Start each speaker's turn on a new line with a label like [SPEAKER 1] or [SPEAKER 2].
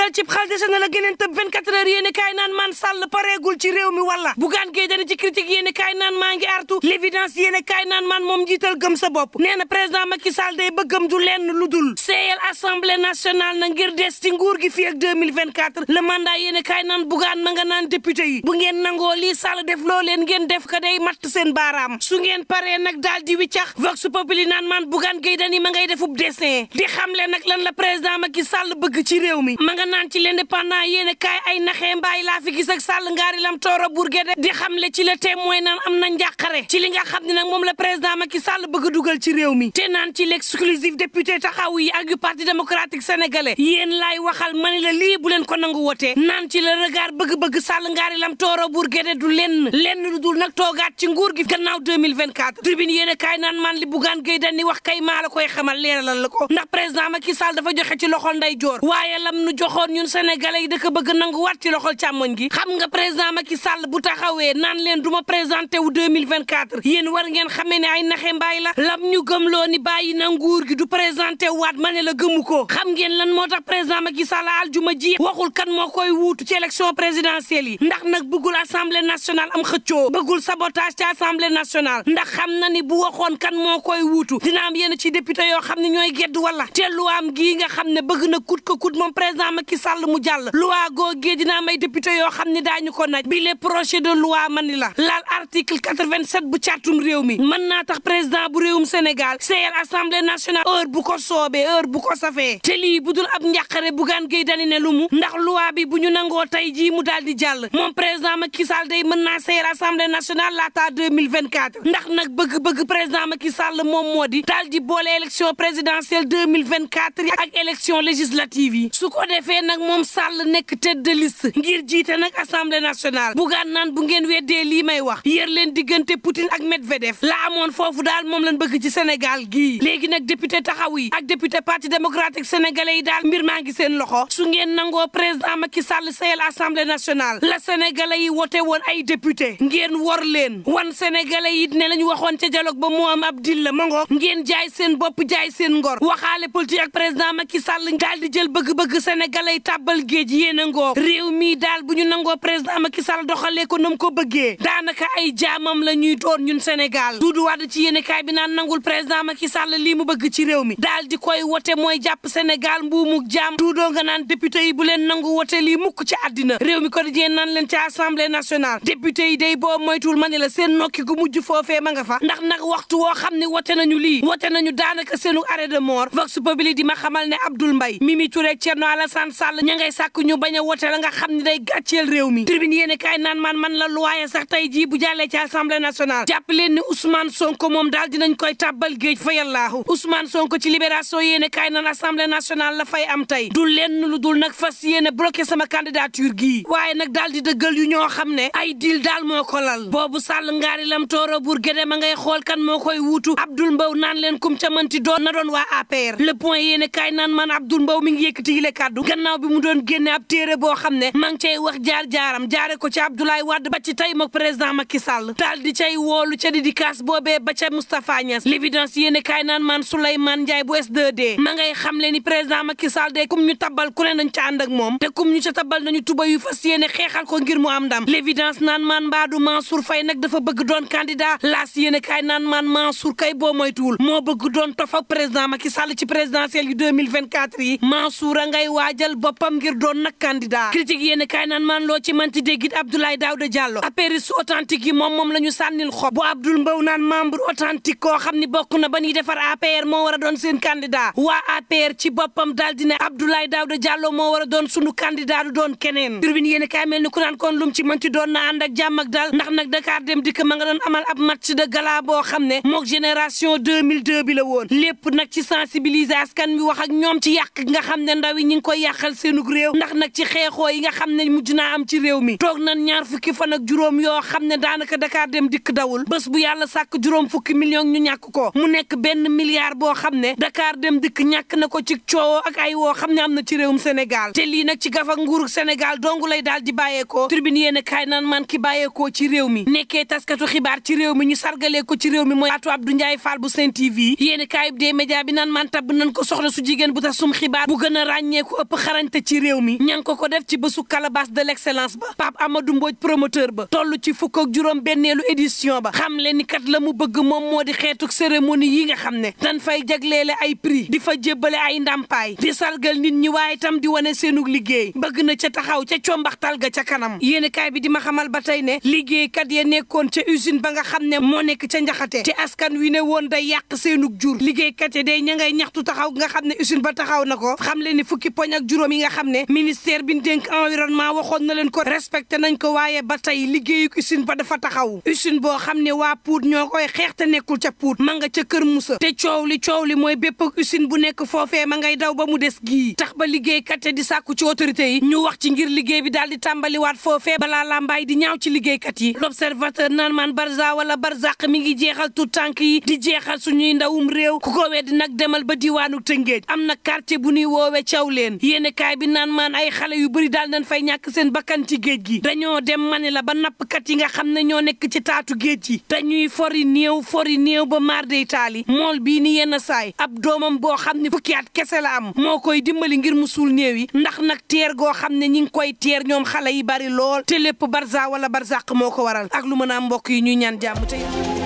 [SPEAKER 1] dal ci xal dese la geneen tëb 24 heures yéen i kaay naan man sàll pareegul ci réew mi wala bugaan géey dana ci critique yéen i kaay naan maa ngi artu l' évidence yéen i kaay naan man moom njiital gëm sa bopp nee na président Sall day bëggam du lenn lu dul seeyal assemblée nationale na ngir des ci nguur gi fii ak 2024 le mandat yéen i kaay naan bugaan ma nga naan député yi bu ngeen nangoo lii sàll def loo leen ngeen def ko day matt seen baaraam su ngeen paree nag daal di wiccax vox populi naan man bugaan géey dani ma ngay defub dessin di xamle nag lan la président Macky Sall bëgg ci réew mi naan ci l'indépendant yéene kaay ay naxee mbaay laa fi gis sàll ngaari lam tooro de di le ci le témoin naan am na njàqare ci li nga xam ni nag moom la président Macky Sall bëgg dugal ci réew mi te naan ci l'exclusif député taxaw yi ak yu parti démocratique sénégalais yéen laay waxal ma ne la lii bu leen ko nangu wotee naan ci le regard bëgg-bëgg sàll ngaari lam tooro burgede du lenn lenn lu nag toogaat ci nguur gi gannaaw 2024 tribune yéene kaay naan man li bugaan géy dañi wax kay maa koy xamal leeralal la ko ndax président Macky Sall dafa joxe ci loxo nday joor waaye lam nu joxo waxoon ñun sénégalais yi da ko bëgg nanguwaat ci loxol càmmoñ gi xam nga président Macky Sall bu taxawee naan leen ma présenté wu 2024 yéen war ngeen xamee ne ay naxe mbaay la lam ñu gëmloo ni bàyyi na nguur gi présenté waat ma ne la gëmu ko xam ngeen lan moo tax président Macky Sall aljuma ji waxul kan moo koy wuutu ci élection présidentielle yi ndax nag bëggul assemblée nationale am xëccoo bëggul sabotage ci assemblée nationale ndax xam na ni bu waxoon kan moo koy wuutu dina am yenn ci député yoo xam ne ñooy gedd wala te lu am nga xam ne bëgg na kut ko kut moom président mak Macky Sall mu jàll loi googee dinaa may député yoo xam ne daañu ko naj bi le projet de loi mani la laal article 87 bu càttum réew mi man naa tax président bu réewum Sénégal seyal assemblée nationale heure bu ko soobee heure bu ko safee te lii bu dul ab njàqare Bougane Gueye Dany ne lu mu ndax loi bi bu ñu nangoo tey jii mu dal di jàll moom président Macky Sall day mën naa seyal assemblée nationale laata 2024 ndax nag bëgg-bëgg président Macky Sall moom moo di daal di boole élection présidentielle 2024 ak élection législative yi su ko defee fekkee nag moom Sall nekk tête de ngir jiite nag assemblée nationale bugaan naan bu ngeen weddee lii may wax yër leen diggante Poutine ak Medvedev la amoon foofu daal moom lañ bëgg ci Sénégal gi léegi nag député taxaw yi ak député parti démocratique sénégalais yi daal mbir maa ngi seen loxo su ngeen nangoo président Macky Sall sayel assemblée nationale la sénégalais yi wote woon ay député ngeen wor leen wan senegal yi ne lañu waxoon ca dialogue ba moo am ab dil la mango ngeen jaay seen bopp jaay seen ngor waxaale politique ak président Macky Sall daal di jël bëgg-bëgg sénégalais lay tàbbal géej yéen ngoo réew mii daal bu ñu nangoo président Macky Sall doxalee ko nam ko bëggee daanaka ay jaamam la ñuy doon ñun Sénégal Doudou Wade ci yéene kaay bi naan nangul président Macky Sall lii mu bëgg ci réew mi daal di koy wote mooy jàpp Sénégal mbuumuk jaam doo nga naan député yi bu leen nangu wote lii mukk ci àddina réew mi quotidien nan leen ci assemblée nationale député yi day boobu tul ma ne la seen nokki gu mujj foofe ma nga fa ndax nag waxtu woo xam ne wote nañu lii wote nañu daanaka seenu arrêt de mort vox populi di ma xamal ne Abdoul Mbaye Mimi Sall ña ngay sàkk ñu bañ a wote la nga xam ne day gàcceel réew mi tribune yéen kaay naan man man la luwaaye sax tey jii bu jàllee ci assemblée nationale jàpp leen ni Ousmane Sonko moom daal dinañ koy tàbbal géej fa yàllaahu Ousmane Sonko ci libération yéen kaay naan assemblée nationale la fay am tey du lenn lu dul nag fas yéene bloqué sama candidature gii waaye nag daal di dëggal yu ñoo xam ne ay dil daal moo ko lal boobu Sall ngaari lam tooro ma ngay xool gannaaw bi mu doon génne ab téere boo xam ne ma ngi wax jaar-jaaram jaare ko ci Abdoulaye Wade ba ci tey mook président Macky Sall daal di cay woolu ca dédicace boobee ba ca Moustapha Niass l'évidence yéene kaay naan man Souleymane Ndiaye bu S2D ma ngay xam le ni président Macky Sall de kum ñu tabal ku ne dañ ca ànd ak moom te kum ñu ca tabal nañu tuba yu fas yéene xeexal ko ngir mu am ndam l'évidence naan man mbaadu Mansour Faye nag dafa bëgg doon candidat laas yéene kaay naan man Mansour kay boo moytuwul moo bëgg doon tofa président Macky Sall ci présidentielle yu 2024 yi Mansour a ngay dëggal boppam ngir doon nag candidat critique yéen kaay naan maan loo ci manti déggit Abdoulaye Daouda Diallo apéris authentique yi moom moom la ñu sànnil xob bu Abdoul Mbow naan membre authentique koo xam ni bokk na ba ñuy defar APR moo war a doon seen candidat waa APR ci boppam daal di ne Abdoulaye Daouda Diallo moo war a doon sunu candidat du doon keneen turbine yéen kaay mel ni ku naan kon lum ci manti doon na ànd ak jàmm ak daal nag Dakar dem dikk ma nga doon amal ab match de gala boo xam ne mook génération 2002 bi la woon lépp nag ci sensibiliser askan wi wax ñoom ci yàq nga xam ne ndaw yi ñi ngi koy yàq yàqal seenug réew ndax nag ci xeexoo yi nga xam ne mujj na am ci réew mi toog nan ñaar fukki fan ak juróom yoo xam ne daanaka Dakar dem dikk dawul bés bu yàlla sàkk juróom fukki million ñu ñàkk ko mu nekk benn milliard boo xam ne dakaar dem dikk ñàkk na ko ci coowoo ak ay woo xam ne am na ci réewum senegal te lii nag ci gafa nguuru Sénégal dong lay daal di bàyyeekoo tribune yéen kaay naan man ki bàyyeekoo ci réew mi nekkee taskatu xibaar ci réew mi ñu sargalee ko ci réew mi mooy Atou Abdou Ndiaye Fall bu Sen TV yéen kaay média bi naan man tabb nañ ko soxna su jigéen bu tasum xibaar bu gën a ëpp xarañte ci réew mi ña ngi ko ko def ci bésu calebasse de l'excellence ba Pape Amadou Mbodj promoteur ba toll ci fukk ak juróom benneelu édition ba xam le ni kat la mu bëgg moom moo di xeetuk cérémonie yi nga xam ne dañ fay jagleele ay prix di fa jébbale ay ndàmpaay di salgal nit ñi waaye tam di wane seenug liggéey bëgg na ca taxaw ca combaxtal ga ca kanam yéenekaay bi di ma xamal ba tey ne liggéey kat ya nekkoon ca usine ba nga xam ne moo nekk ca njaxate te askan wi ne woon day yàq seenug jur liggéeykat ya day ña ñaxtu taxaw nga xam ne usine ba taxaw na ko juróom yi nga xam ne ministère bi dénk environnement waxoon na leen ko respecté nañ ko waaye ba tey liggéeyuk usine ba dafa taxaw usine boo xam ne waa Pout ñoo koy xeex te nekkul ca Pout ma nga ca Kër Moussa te coow li coow li mooy bépp usine bu nekk foofee ma ngay daw ba mu des gi tax ba liggéey yi di sàkku ci autorité yi ñu wax ci ngir liggéey bi daal di tàmbaliwaat foofee balaa làmbaay di ñaaw ci liggéeykat yi l'observateur naan maan barza wala barzaq mi ngi jeexal tu tànk yi di jeexal suñuy ndawum réew ku ko weddi nag demal ba diwaanu Tëngéej am yéenekaay bi naan maan ay xale yu bëri daal nañ fay ñàkk seen bakkan ci géej gi dañoo dem mani la ba nappkat yi nga xam ne ñoo nekk ci taatu géej gi dañuy fori néew fori néew ba maar day taali mool bii ni yenn saay ab doomam boo xam ne fukki at kese la am moo koy dimbali ngir mu suul néew yi ndax nag teer goo xam ne ñi ngi koy teer ñoom xale yi bari lool te lépp barsa wala barzaq moo ko waral ak lu mën mbokk yi ñuy ñaan jàmm tey